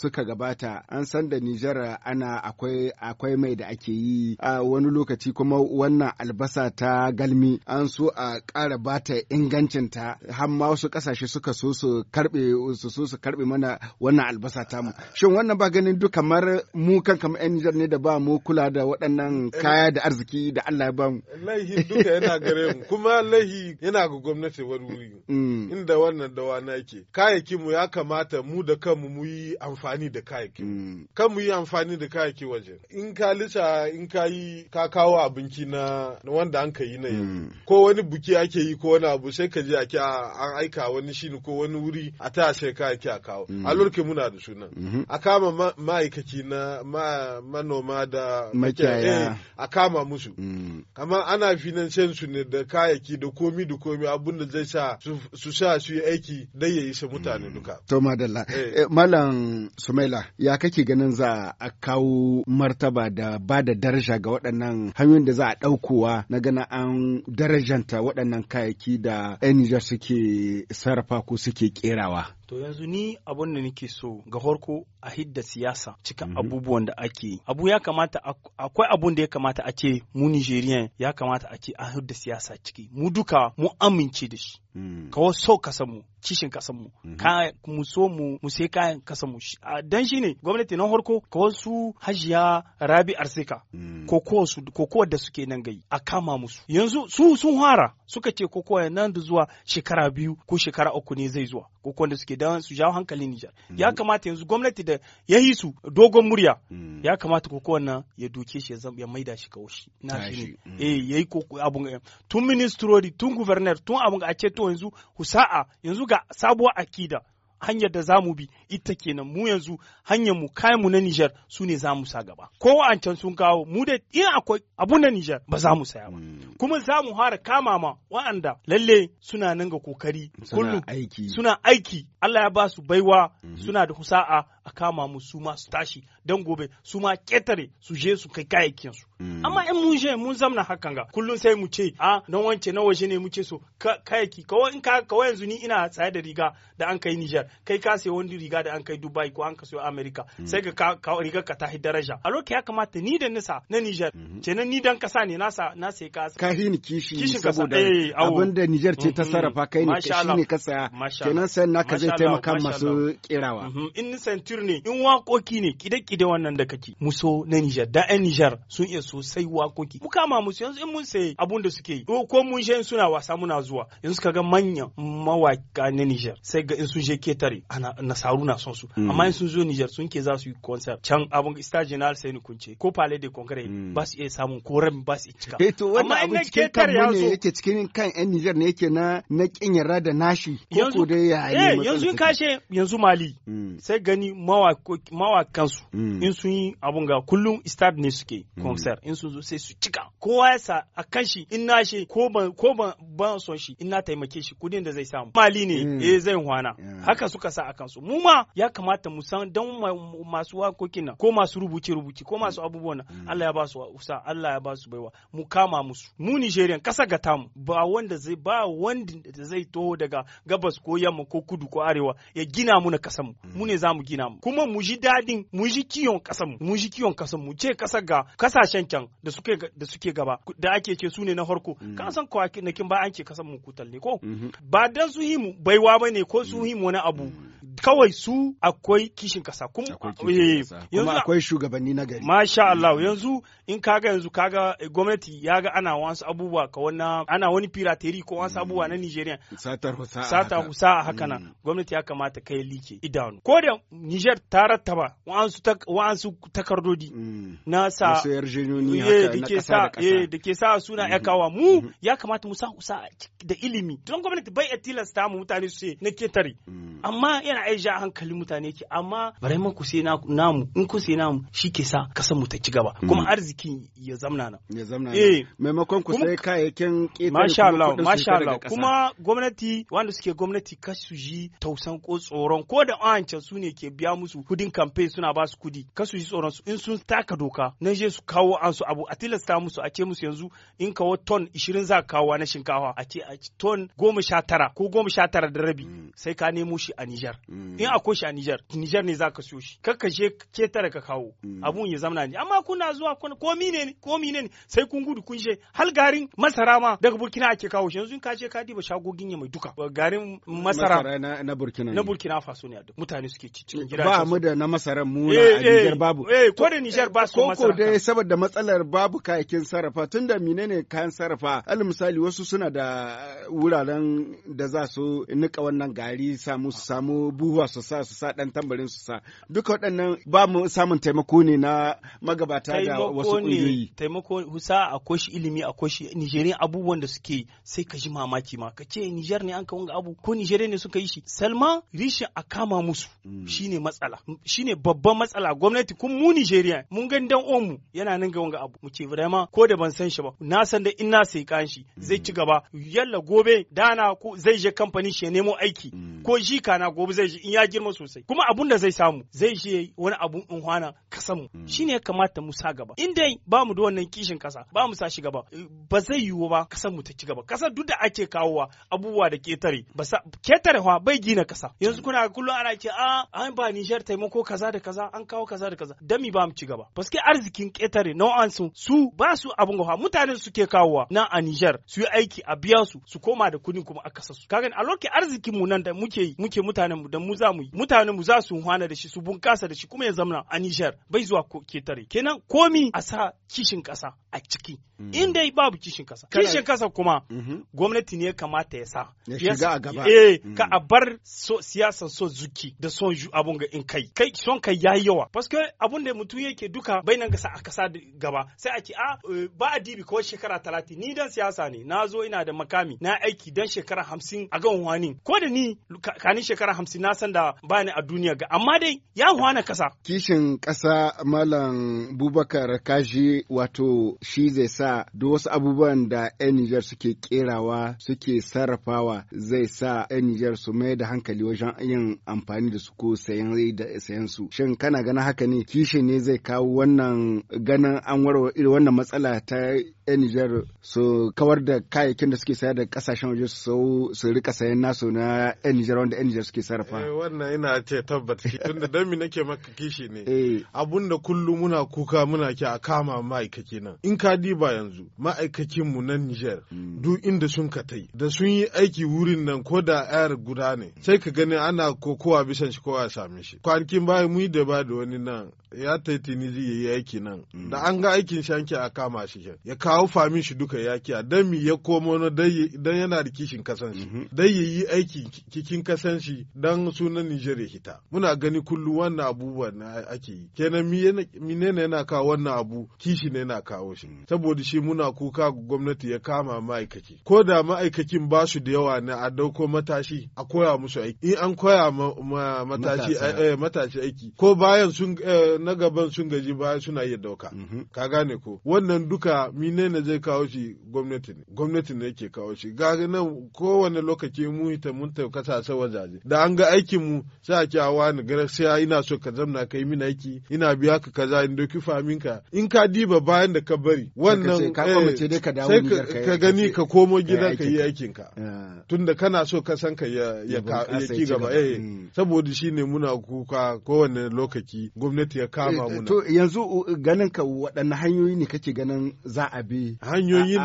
suka gabata an san da Nijar ana akwai akwai mai da ake yi a wani lokaci kuma wannan albasa ta galmi an so a ƙara bata ingancinta har ma wasu ƙasashe suka so su karbe su so su karbe mana wannan albasa ta mu. Shin wannan ba ganin duk kamar mu kan kamar 'yan Nijar ne da ba mu kula da waɗannan kaya da arziki da Allah ya ba mu. Laihi duka yana gare mu kuma laihi yana ga gwamnati wani wuri. Mm. inda wannan dawa na yake kayayyakin mu ya kamata mu da kanmu mu yi amfani da kayayyakin mu mm. kan mu yi amfani da kayayyaki waje in ka lisa in ka yi ka kawo abinci na wanda an ka yi na yanzu mm. ko wani buki ake yi ko wani abu sai ka je ake an aika wani shine ko wani wuri a ta sai ka ake a kawo mm. a lurke muna da su nan mm-hmm. a kama ma'aikaci na manoma da makiyaya eh, a kama musu kamar ana financen su ne da kayayyaki da komi da komi abun da zai sa su sha sa su yi aiki dai ya yi su mutane mm. duka. To madalla. Eh. Eh, Malam Sumaila ya kake ganin za a kawo martaba da ba da daraja ga waɗannan hanyoyin da za a ɗaukowa na gana an darajanta waɗannan kayayyaki da 'yan suke sarrafa ko suke ƙerawa. To yanzu ni abun da nake so ga horko a hidda siyasa cikin mhm. abubuwan da ake yi. Abu ya kamata akwai abun da ya kamata a ce mu Nigerian ya kamata a ce a hidda siyasa ciki. Mu duka mu amince da shi. Mm. Ka so ka samu kishin kasan mu mhm. ka mu so mu mu sai kayan kasan mu dan shine gwamnati na harko ko wasu hajiya rabi arsika mm. kokowa su kokowa da suke nan gai a kama musu yanzu su sun fara suka ce kokowa nan da zuwa shekara biyu ko shekara uku ne zai zuwa kokowa da suke dan su jawo hankalin Niger mm. ya kamata yanzu gwamnati da yayi su dogon murya mm. ya kamata ko nan ya duke shi ya maida shi kaushi na shi ne eh yayi abun eh, tun ministrori tun governor tun abun a ce to yanzu husa'a yanzu yanzu ga sabuwar akida hanyar da zamu bi ita kenan mu yanzu hanyar mu kayan mu na Nijar su ne zamu sa gaba ko wa'ancan sun kawo mu da in akwai abu na Nijar ba za mu saya ba hmm. kuma za mu fara kama ma wa'anda lalle suna nan kokari kullum suna aiki suna aiki Allah ya ba su baiwa hmm. suna da husa'a a kama mu su ma su tashi don gobe su ma ketare su je su kai kayayyakin su mm. amma in mun je mun zamna hakan ga kullun sai mu ce a don wance na waje ne mu ce so kayayyaki kawai in ka ko yanzu ni ina saye da riga da an kai Niger kai ka sayi wani riga da an kai Dubai ko an ka sayo America mm. sai ka ka riga ka ta daraja a lokaci ya kamata ni da nisa na Niger kenan mm-hmm. ni dan kasa ne na sa na sai ka ka hini kishi saboda eh, abinda Niger ce ta mm-hmm. sarrafa kai ne kashi ne ka saya kenan sai ka zai taimaka masu kirawa mm-hmm. in ni kafir ne in wakoki ne kide-kide wannan da kake muso na Nijar da ɗan Nijar sun iya sosai wakoki mu kama musu yanzu in mun sayi abun da suke yi ko mun je suna wasa muna zuwa yanzu ka ga manyan mawaka na Nijar sai ga in sun je ketare ana nasaru na son su mm. amma in sun zo Nijar sun ke za su yi concert can abun stajinal sai ni kunce ko Palais de Congrès mm. ba su iya samun ko rabin ba su cika eh to wannan abun cikin kan ne yake cikin kan ƴan Nijar ne yake na na kin yarda da nashi ko ko dai ya eh, yanzu in kashe yanzu Mali mm. sai gani mawakansu mm. in sun yi abun ga kullum stade ne suke mm. concert in sun zo sai su cika kowa ya sa a kan shi in na shi ko ban ban son shi in na taimake shi kudin da zai samu mali ne mm. eh zai hwana haka suka sa a kan su mu ma ya kamata mu san dan masu wakokin nan ko masu rubuce rubuce ko masu abubuwan nan mm. Allah ya ba su usa Allah ya ba su baiwa mu kama musu mu Nigerian kasa ga tamu ba wanda zai ba wanda zai toho daga gabas ko yamma ko kudu ko arewa ya gina mu mm. na kasan mu mu ne zamu gina mu kuma mu ji dadin mu ji kiyon kasan mu mu ji kiyon kasan mu ce kasa ga kasashen can da suke da suke gaba da ake ce su ne na harko mm. kan san kwanakin ba an ce kasan mu kutal ne ko mm-hmm. ba dan su himu baiwa ba ne ko su mm. himu wani abu mm. kawai su akwai kishin kasa eh, kuma akwai shugabanni na gari masha Allah yanzu in kaga yanzu kaga eh, gwamnati ya ga ana wasu abubuwa ka wannan ana wani pirateri ko wasu abubuwa na Nigeria sata husa sata husa haka nan gwamnati ya kamata kai like idanu ko da Niger ta rattaba wa'ansu takardodi na sa yarjejeniyoyi eh, haka na kasa eh da ke sa suna mhm. ya kawa mu mhm. ya kamata mu sa da ilimi don gwamnati bai ya tilasta mu mutane su ce na ketare mm. amma yana ai ja hankali mutane ke amma bari mun kuse namu in kuse namu shi ke sa Kasa mu ta ci gaba kuma mm. arzikin ya zamna na ya zamna na eh. maimakon ku sai kayayyakin ketare masha Allah masha Allah kuma gwamnati wanda suke gwamnati su ji tausan ko tsoron ko da wancan su ne ke biya musu kudin campaign suna ba su kudi su ji tsoron su in sun taka doka na je su kawo an su abu a tilasta musu a ce musu yanzu in kawo ton 20 za kawo na shinkafa a ce ton 19 ko 19 da rabi mm. sai ka nemo shi a Niger mm. in akwai shi a Niger Niger ne za ka siyo shi ka je tara ka kawo mm. abun ya zamana ne amma kuna zuwa mine ne mine ne sai kun gudu kun je hal garin masara ma daga Burkina ake kawo shi yanzu in ka je ka diba shagogin ya mai duka garin masara na Burkina na Burkina Faso ne mutane suke ci cikin gidaje ba mu da na masara mu eh, a eh, Niger babu eh ko da Niger ba su masara ko dai saboda matsalar babu kayakin sarrafa tun da menene kayan sarrafa al misali wasu suna da eh, wuraren da za su nika wannan gari samu su samu buhuwa su sa su sa dan tambarin su sa duka waɗannan ba mu samun taimako ne na magabata da wasu ƙungiyoyi taimako husa a koshi ilimi a koshi Nijeriya abubuwan da suke sai ka ji mamaki ma ka ce Nijar ne an ka wanga abu ko Nijeriya ne suka yi shi Salma rishin a kama musu mm. shine matsala shine babban matsala gwamnati kun mu Nijeriya mun ga dan omu yana nan ga wanga abu mu ce vraiment ko da ban san shi ba na san da in na sai kan shi zai ci gaba yalla gobe dana ko zai je kamfani shi nemo aiki mm. ko jika na gobe zai je in ya girma sosai kuma abun da zai samu zai je wani abun in hwana kasanmu hmm. shine ya kamata mu sa gaba Inda dai ba mu da wannan kishin kasa ba mu sa shi gaba ba zai yiwu ba kasan mu ta ci gaba kasar duk da ake kawowa abubuwa da ketare ba sa ketare fa bai gina kasa yanzu kuna kullum ana ce a ah, an ba Niger taimako kaza da kaza an kawo kaza da kaza dami ba mu ci gaba baske arzikin ketare nau'an su su ba su abun gawa mutanen suke kawowa na a Niger su yi aiki a biya su su koma da kudin kuma a kasa su kaga a lokacin arzikin mu nan da muke yi muke mutanen mu da mu za mu yi mutanen mu za su hwana da shi su bunkasa da shi kuma ya zamana a Niger bai zuwa ketare kenan komi a sa kishin kasa a ciki mm. in dai babu kishin kasa kishin kasa kuma mm-hmm. gwamnati ne kamata ya sa ya shiga a gaba eh mm. ka a bar siyasar so zuki da son abun ga in kai kai son kai yayi yawa paske abun da mutum yake duka bai nan gasa a kasa gaba sai a ce a ah, eh, ba a dibi ko shekara talatin ni dan siyasa ne na zo ina da makami na aiki dan shekara hamsin a gan wani ko da ni kani shekara hamsin na san da bani a duniya ga amma dai ya wani kasa kishin kasa Malam Bubakar Kaji wato shi zai sa duk wasu abubuwan da 'yan Nijar suke kerawa suke sarrafawa zai sa 'yan Nijar su mai da hankali wajen yin amfani da su ko sayan da sayan su. Shin kana ganin haka ne kishi ne zai kawo wannan ganin an warware wannan matsala ta 'yan Nijar su kawar da kayayyakin da suke sayar da kasashen waje su rika sayan nasu na 'yan Nijar wanda 'yan Nijar suke sarrafa. Eh wannan ina ce tabbata tun da dami nake maka kishi ne. Eh. Abun da kullum muna kuka muna ke a kama ma'aikaci nan. In ka diba yanzu ma'aikakin mu na Nijar hmm. duk inda sun ka tai da sun yi aiki wurin nan ko da ayar guda ne sai ka gani ana kokowa bisan shi kowa same shi. Kwanakin baya mu yi da ba da wani nan ya tai Tunisia ya yi aiki nan hmm. da an ga aikin shanki a kama shi ya kawo famin shi duka ya kiya dan mi ya komo na dan yana da kishin kasan shi mhm. dan ya yi aiki kikin kasan shi dan sunan Nigeria hita muna gani kullu wannan abubuwa na ake yi kenan mi ne yana kawo wannan abu kishi ne yana kawo shi mhm. saboda shi muna kuka gwamnati ya kama ma'aikaci ko da ma'aikacin ba su da yawa ne a dauko matashi a koya musu aiki in an koya eh, eh, matashi aiki ko bayan sun eh, na gaban sun gaji bayan suna iya dauka mhm. ka gane ko wannan duka mine ne zai kawo shi gwamnati ne gwamnati ne yake kawo shi ga nan kowane lokaci mu ita mun ta sa wajaje da an ga aikin mu sai a ce awa ni sai ina so ka zamna kai min aiki ina biya ka kaza in doki famin ka in ka diba bayan da ka bari wannan sai ka eh, gani ka komo gida ka yi aikin ka tunda kana so ka san ka ya ki gaba eh hmm. saboda shine muna kuka kowane lokaci gwamnati ya kama eh, eh, muna to yanzu ganin ka waɗanne hanyoyi ne kake ganin za a bi bi hanyoyin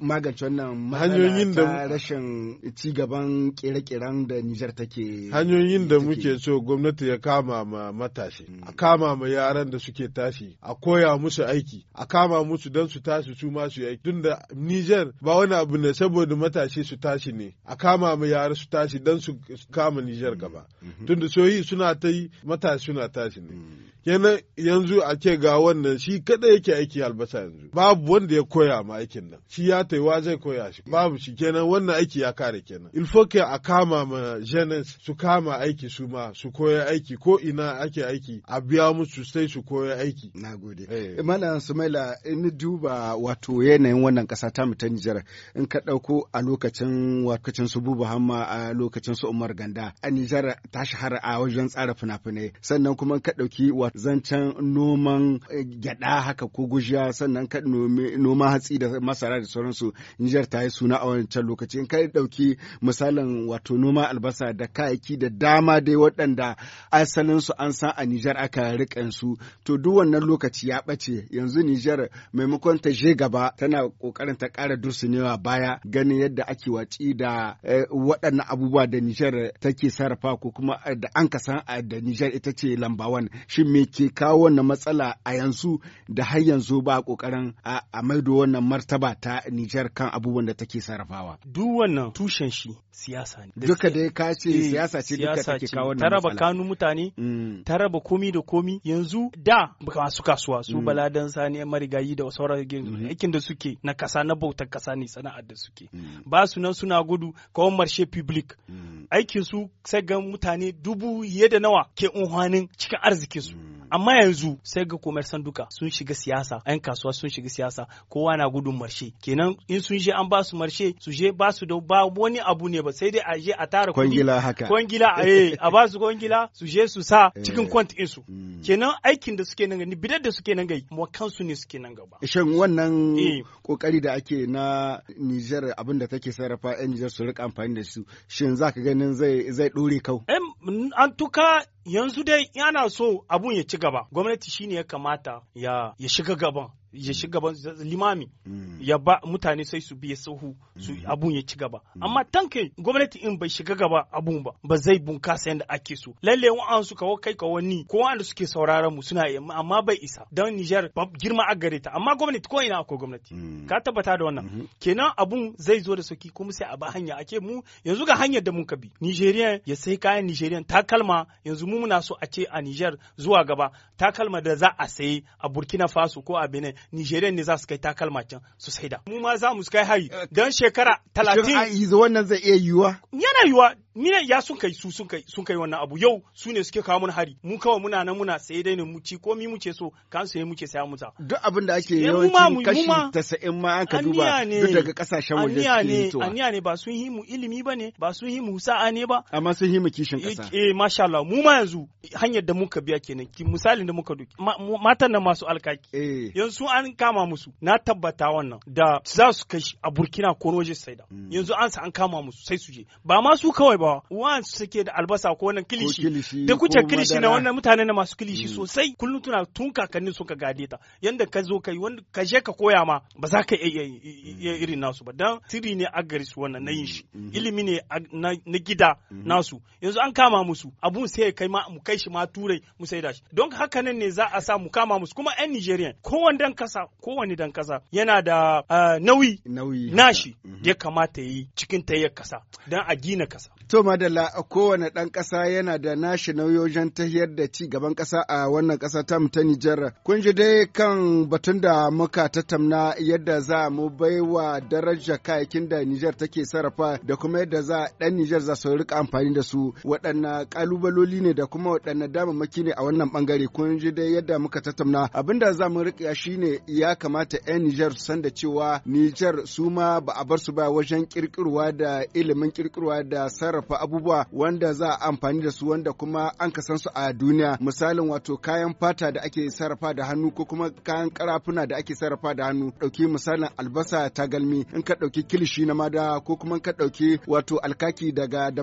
magance wannan hanyoyin da rashin ci gaban kere-keren da Nijar take hanyoyin da muke so gwamnati ya kama ma matashi a mm. kama ma yaran da suke tashi a koya musu aiki a kama musu don su tashi su ma su aiki tunda Nijar ba wani abu ne saboda matashi su tashi ne a kama ma yara su tashi don su kama Nijar gaba mm. mm-hmm. tunda soyi suna ta yi matashi suna tashi ne mm. kenan yanzu a ce ga wannan shi kada yake aiki albasa yanzu babu wanda ya koya ma aikin nan shi ya taiwa zai koya shi babu shi kenan wannan aiki ya kare kenan ilfoke a kama ma jenes su kama aiki su ma su koya aiki ko ina ake aiki a biya musu sai su koya aiki na gode eh. malam sumaila in duba wato yanayin wannan kasa ta mu ta Nijar in ka dauko a lokacin wakacin su Bubu Hamma a lokacin su Umar Ganda a Nijar ta shahara a wajen tsara fina-finai sannan kuma ka dauki zancen noman eh, gyada haka ko gujiya sannan ka noma hatsi da masara da sauransu Nijar ta yi suna a wancan lokaci in ka ɗauki misalin wato noma albasa da kayaki da dama dai waɗanda asalin su an san a Nijar aka riƙe su to duk wannan lokaci ya ɓace yanzu Nijar maimakon ta je gaba tana ƙoƙarin ta ƙara dursunewa baya ganin yadda ake watsi da eh, waɗannan abubuwa da Nijar take sarrafa ko kuma eh, da an ka san da Nijar ita ce lambawan shin me me ke kawo wannan matsala a yanzu da har yanzu ba kokarin. a maido wannan martaba ta Nijar kan abubuwan da take sarrafawa. Duk wannan tushen shi siyasa ne. Duka da ka ce eh, siyasa ce duka take kawo wannan matsala. Ta raba kanu mutane, mm. taraba komi da komi yanzu da masu kasuwa su mm. baladan sani marigayi da sauran mm-hmm. aikin da suke na kasa na bautar kasa ne sana'ar da suke. Mm. Ba su nan suna gudu ko marshe public. Aikin su sai ga mutane dubu yadda nawa ke unhwanin cikin arzikinsu. Mm. amma yanzu sai ga commerçant duka sun shiga siyasa yan kasuwa sun shiga siyasa kowa na gudun marshe kenan in sun je an ba su marshe su je ba su da ba wani abu ne ba sai dai a je a tara kwangila haka Kongila eh, a ba su kwangila su je su sa eh. cikin kwant din su hmm. kenan aikin da suke nan ni bidar da suke nan gai mu kansu ne suke nan gaba shin wannan kokari eh. da ake na Niger abin da take sarrafa yan Niger su rika amfani da su shin zaka ganin zai zai dore kau an tuka yanzu dai yana so abun ya ci gaba gwamnati shine ya kamata ya ya shiga gaban ya shiga gaban mm. limami mm. ya ba mutane sai su biya sahu su mm. abun ya ci gaba amma tanke gwamnati in bai shiga gaba abun ba ba zai bunkasa yadda ake so lalle wa'an su kawo kai kawo ni ko wanda suke sauraron mu suna amma bai isa dan Niger girma a gare ta amma gwamnati ko ina akwai gwamnati ka tabbata da wannan mm-hmm. kenan abun zai zo da sauki kuma sai a ba hanya ake mu yanzu ga hanyar da mun ka bi Nigeria ya sai kayan Nijeriya. takalma yanzu mu muna so a ce a Niger zuwa gaba takalma da za a sayi a Burkina Faso ko a Benin Nigeria ne za su kai takalma can su saida. Mu ma za mu kai hari eh, don shekara talatin. Shin wannan zai iya yiwuwa? Yana yiwuwa ne ya sun kai su sun kai sun kai wannan abu yau su ne suke kawo mun hari mu kawai muna nan muna saye dai ne mu ci ko mi ce so kan saye muke saya muta duk abin da ake yawanci kashi 90 ma an ka duba duk daga kasashen waje suke fitowa aniya ne ba sun yi mu ilimi ba ne. ba sun yi mu sa'a ne ba amma sun yi mu kishin kasa eh, eh masha Allah mu ma yanzu hanyar da muka biya kenan ki misalin da muka duki matan nan masu alkaki eh. yanzu an kama musu na tabbata wannan da za su kashi a Burkina ko waje saida hmm. yanzu an sa an kama musu sai su je ba ma su kawai ba wa'an suke da albasa ko wannan kilishi da kuce kilishi na wannan mutane na masu kilishi mm. sosai kullum tuna tun kakanni suka gade ta yanda ka zo kai wanda ka je ka koya ma ba za ka iya mm. irin nasu ba dan sirri ne a gari wannan na yin shi mm. mm-hmm. ilimi ne na gida mm-hmm. nasu yanzu an kama musu abun sai ya kai ma mu kai shi ma turai mu da shi don haka nan ne za a sa mu kama musu kuma yan Nigerian kowane dan kasa kowane dan kasa yana da ah, nauyi nashi mm-hmm. ya kamata yi cikin tayyar kasa don a gina kasa To madalla kowane ɗan ƙasa yana da nashi nauyoyin tafiyar da ci gaban ƙasa a wannan ƙasa ta ta Nijar. Kun ji dai kan batun da muka tattauna yadda za mu baiwa daraja kayakin da Nijar take sarrafa da kuma yadda za ɗan Nijar za su rika amfani da su waɗanne ƙalubaloli ne da kuma waɗanne damammaki ne a wannan ɓangare. Kun ji dai yadda muka tattauna abin da za mu riƙa shine ya kamata 'yan Nijar su san da cewa Nijar su ma ba a bar su ba wajen ƙirƙirwa da ilimin ƙirƙirwa da sarrafa sarrafa abubuwa wanda za a amfani da su wanda kuma an san su a duniya misalin wato kayan fata da ake sarrafa da hannu ko kuma kayan karafuna da ake sarrafa da hannu ɗauki misalin albasa tagalmi in ka ɗauki kilishi na mada ko kuma ka ɗauki wato alkaki daga da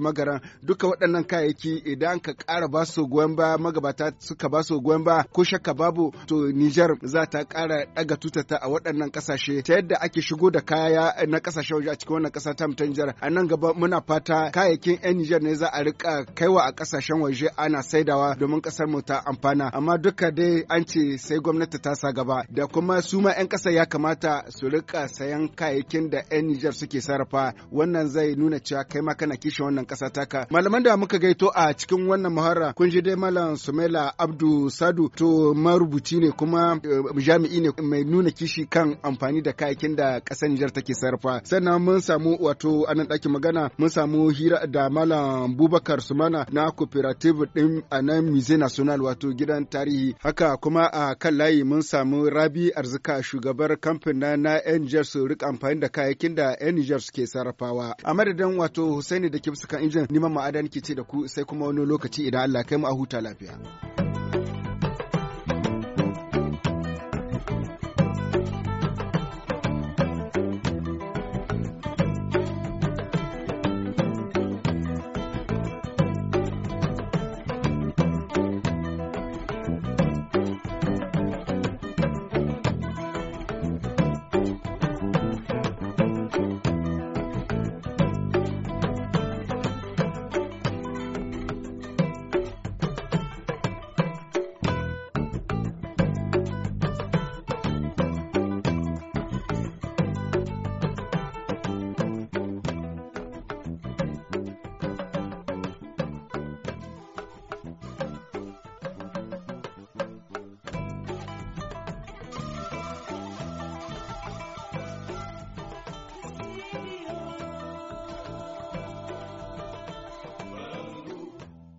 duka waɗannan kayayyaki idan ka ƙara ba su goyon ba magabata suka ba su goyon ba ko shakka babu to nijar za ta ƙara ɗaga tutata a waɗannan ƙasashe ta yadda ake shigo da kaya na ƙasashe waje a cikin wannan ƙasa ta mutan nijar a nan gaba muna fata kayayyaki cikin 'yan Nijar ne za a rika kaiwa a kasashen waje ana saidawa domin kasar mu ta amfana amma duka dai an ce sai gwamnati ta sa gaba da kuma su ma 'yan kasa ya kamata su rika sayan kayayyakin da 'yan Nijar suke sarrafa wannan zai nuna cewa kai ma kana kishin wannan kasa taka malaman da muka gaito a cikin wannan muharra kun ji dai malam Sumaila Abdu Sadu to marubuci ne kuma eh, jami'i ne mai nuna kishi kan amfani da kayayyakin da kasar Nijar take sarrafa sannan mun samu wato anan ɗakin magana mun samu hira da da Malam Bubakar Sumana na cooperative ɗin a nan National wato gidan tarihi. Haka kuma a kan layi mun samu Rabi Arzika shugabar kamfin na ‘yan Nijar su rika amfani da kayayyakin da ‘yan Nijar suke sarrafawa. A madadin wato Hussaini da ke kan injin neman ma'adan ke ce da ku sai kuma wani lokaci idan Allah kai mu a huta lafiya.